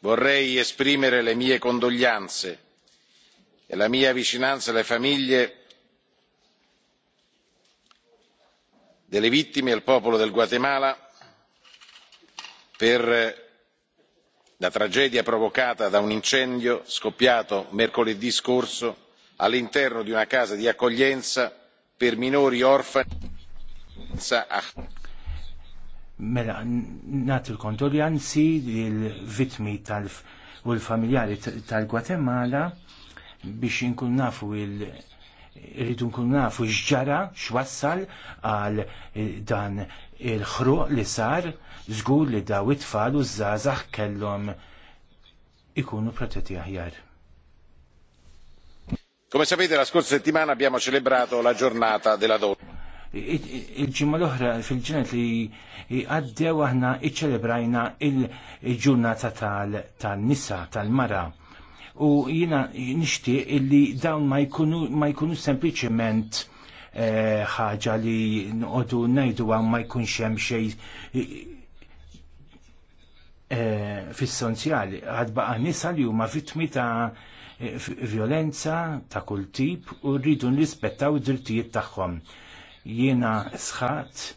vorrei esprimere le mie condoglianze e la mia vicinanza alle famiglie delle vittime e al popolo del guatemala per la tragedia provocata da un incendio scoppiato mercoledì scorso all'interno di una casa di accoglienza per minori orfani a. Mela, natu l-kondoljanzi il vitmi tal- u l-familjari tal-Gwatemala biex inkun nafu il- irridu nkun nafu x'ġara x'wassal għal eh, dan il-ħruq li sar żgur li daw it-tfal u żgħażagħ kellhom ikunu protetti aħjar. Come sapete la scorsa settimana abbiamo celebrato la giornata della donna il-ġimma l-oħra fil-ġenet li għaddew aħna iċċelebrajna il-ġurnata tal-nisa, tal-mara. U jina nishtiq illi dawn ma jkunu, sempliciment eh, ħaġa li nqodu najdu għam ma jkunx hemm xejn eh, fis sonsjali għad nisa li huma vittmi ta' violenza ta' kull tip u rridu nrispettaw id-drittijiet tagħhom jiena sħat